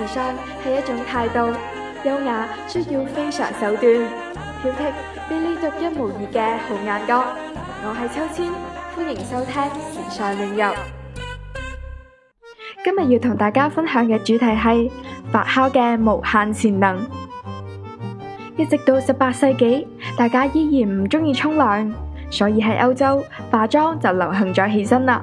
時尚係一種態度，優雅需要非常手段，挑剔，俾你獨一無二嘅好眼光。我係秋千，歡迎收聽時尚亂入。今日要同大家分享嘅主題係發酵嘅無限潛能。一直到十八世紀，大家依然唔中意沖涼，所以喺歐洲化妝就流行咗起身啦。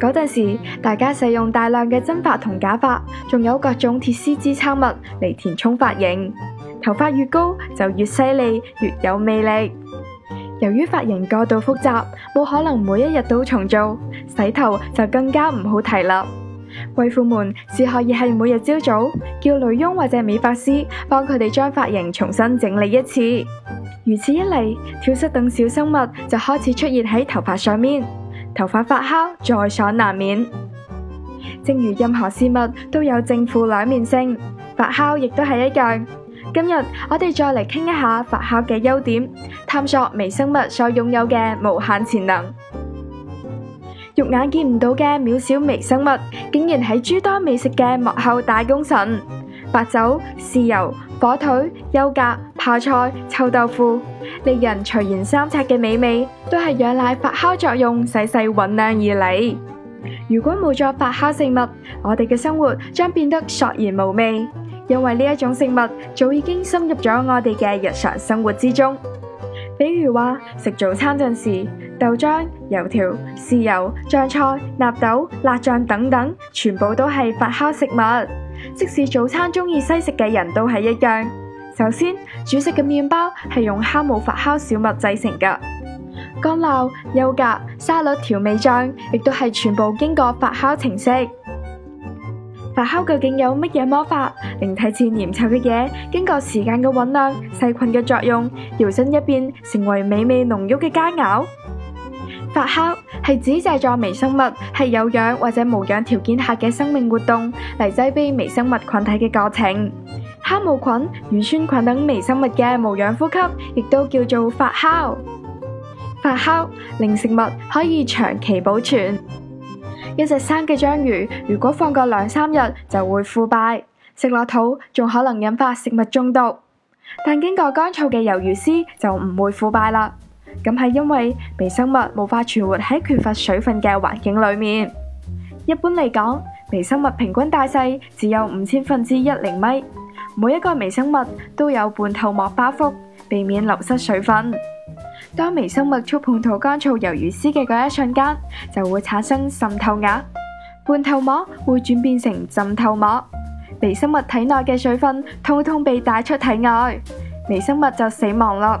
嗰陣時，大家使用大量嘅真髮同假髮，仲有各種鐵絲支撐物嚟填充髮型。頭髮越高就越犀利，越有魅力。由於髮型過度複雜，冇可能每一日都重做，洗頭就更加唔好提啦。貴婦們只可以係每日朝早叫女傭或者美髮師幫佢哋將髮型重新整理一次。如此一嚟，跳蚤等小生物就開始出現喺頭髮上面。頭髮發酵在所難免，正如任何事物都有正負兩面性，發酵亦都係一樣。今日我哋再嚟傾一下發酵嘅優點，探索微生物所擁有嘅無限潛能。肉眼見唔到嘅渺小微生物，竟然係諸多美食嘅幕後大功臣。白酒、豉油。火腿、優格、泡菜、臭豆腐，令人垂涎三尺嘅美味，都係仰賴發酵作用細細醞釀而嚟。如果冇咗發酵食物，我哋嘅生活將變得索然無味，因為呢一種食物早已經深入咗我哋嘅日常生活之中。比如話食早餐陣時，豆漿、油條、豉油、醬菜、納豆、辣醬等等，全部都係發酵食物。即使早餐鍾意西食嘅人都係一樣。首先，主食嘅麵包係用酵母發酵小麥製成噶。乾酪、優格、沙律、調味醬，亦都係全部經過發酵程式。發酵究竟有乜嘢魔法，令睇似黏稠嘅嘢，經過時間嘅醞釀、細菌嘅作用，搖身一變成為美味濃郁嘅佳肴？發酵係指製作微生物喺有氧或者無氧條件下嘅生命活動嚟製備微生物菌體嘅過程。酵母菌、乳酸菌等微生物嘅無氧呼吸亦都叫做發酵。發酵令食物可以長期保存。一隻生嘅章魚如果放個兩三日就會腐敗，食落肚仲可能引發食物中毒。但經過乾燥嘅魷魚絲就唔會腐敗啦。咁係因為微生物無法存活喺缺乏水分嘅環境裏面。一般嚟講，微生物平均大細只有五千分之一厘米，每一個微生物都有半透膜包覆，避免流失水分。當微生物觸碰到乾燥魷魚絲嘅嗰一瞬間，就會產生滲透壓，半透膜會轉變成浸透膜，微生物體內嘅水分通通被帶出體外，微生物就死亡啦。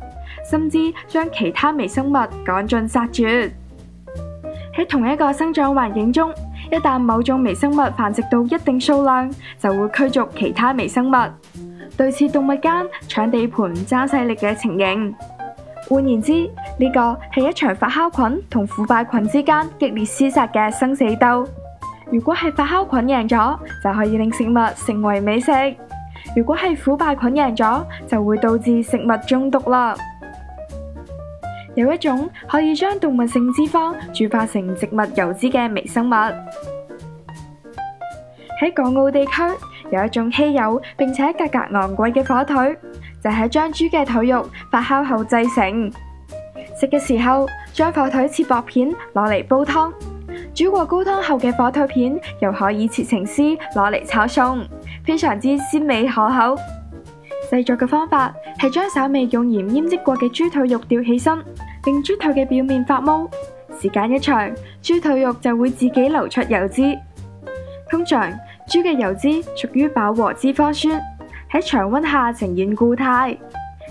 甚至將其他微生物趕盡殺絕。喺同一個生長環境中，一旦某種微生物繁殖到一定數量，就會驅逐其他微生物，類似動物間搶地盤、爭勢力嘅情形。換言之，呢個係一場發酵菌同腐敗菌之間激烈廝殺嘅生死鬥。如果係發酵菌贏咗，就可以令食物成為美食；如果係腐敗菌贏咗，就會導致食物中毒啦。有一種可以將動物性脂肪轉化成植物油脂嘅微生物。喺港澳地區，有一種稀有並且價格，格昂貴價格昂貴嘅火腿，就係將豬嘅腿肉發酵後製成。食嘅時候，將火腿切薄片攞嚟煲湯，煮過高湯後嘅火腿片又可以切成絲攞嚟炒餸，非常之鮮美可口。製作嘅方法係將稍微用鹽醃漬過嘅豬腿肉吊起身。令豬腿嘅表面發毛，時間一長，豬腿肉就會自己流出油脂。通常，豬嘅油脂屬於飽和脂肪酸，喺常温下呈現固態。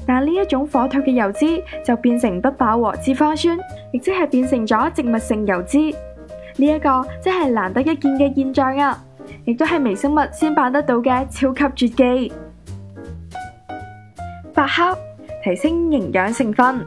但呢一種火腿嘅油脂就變成不飽和脂肪酸，亦即係變成咗植物性油脂。呢、這、一個即係難得一見嘅現象啊！亦都係微生物先辦得到嘅超級絕技。發酵提升營養成分。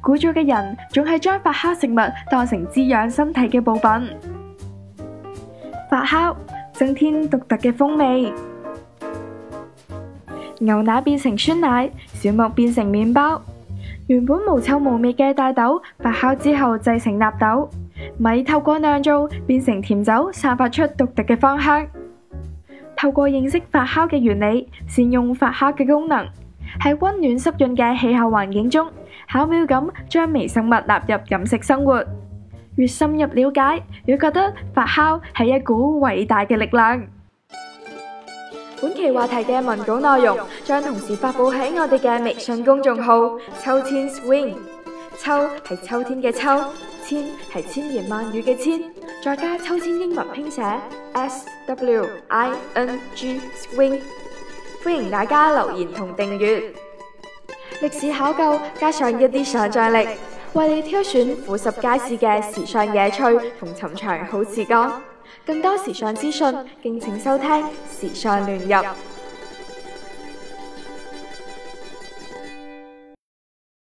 古早嘅人總係將發酵食物當成滋養身體嘅部分，發酵增添獨特嘅風味。牛奶變成酸奶，小麥變成麵包，原本無臭無味嘅大豆發酵之後製成納豆，米透過釀造變成甜酒，散發出獨特嘅芳香。透過認識發酵嘅原理，善用發酵嘅功能，喺溫暖濕潤嘅氣候環境中。巧妙咁將微生物納入飲食生活，越深入了解，越覺得發酵係一股偉大嘅力量。本期話題嘅文稿內容將同時發布喺我哋嘅微信公眾號“秋千 swing”，秋係秋天嘅秋，千係千言萬語嘅千，再加秋千英文拼寫 S W I N G swing，歡迎大家留言同訂閱。歷史考究加上一啲想象力，為你挑選俯拾皆是嘅時尚野趣同尋常好時光。更多時尚資訊，敬請收聽《時尚亂入》。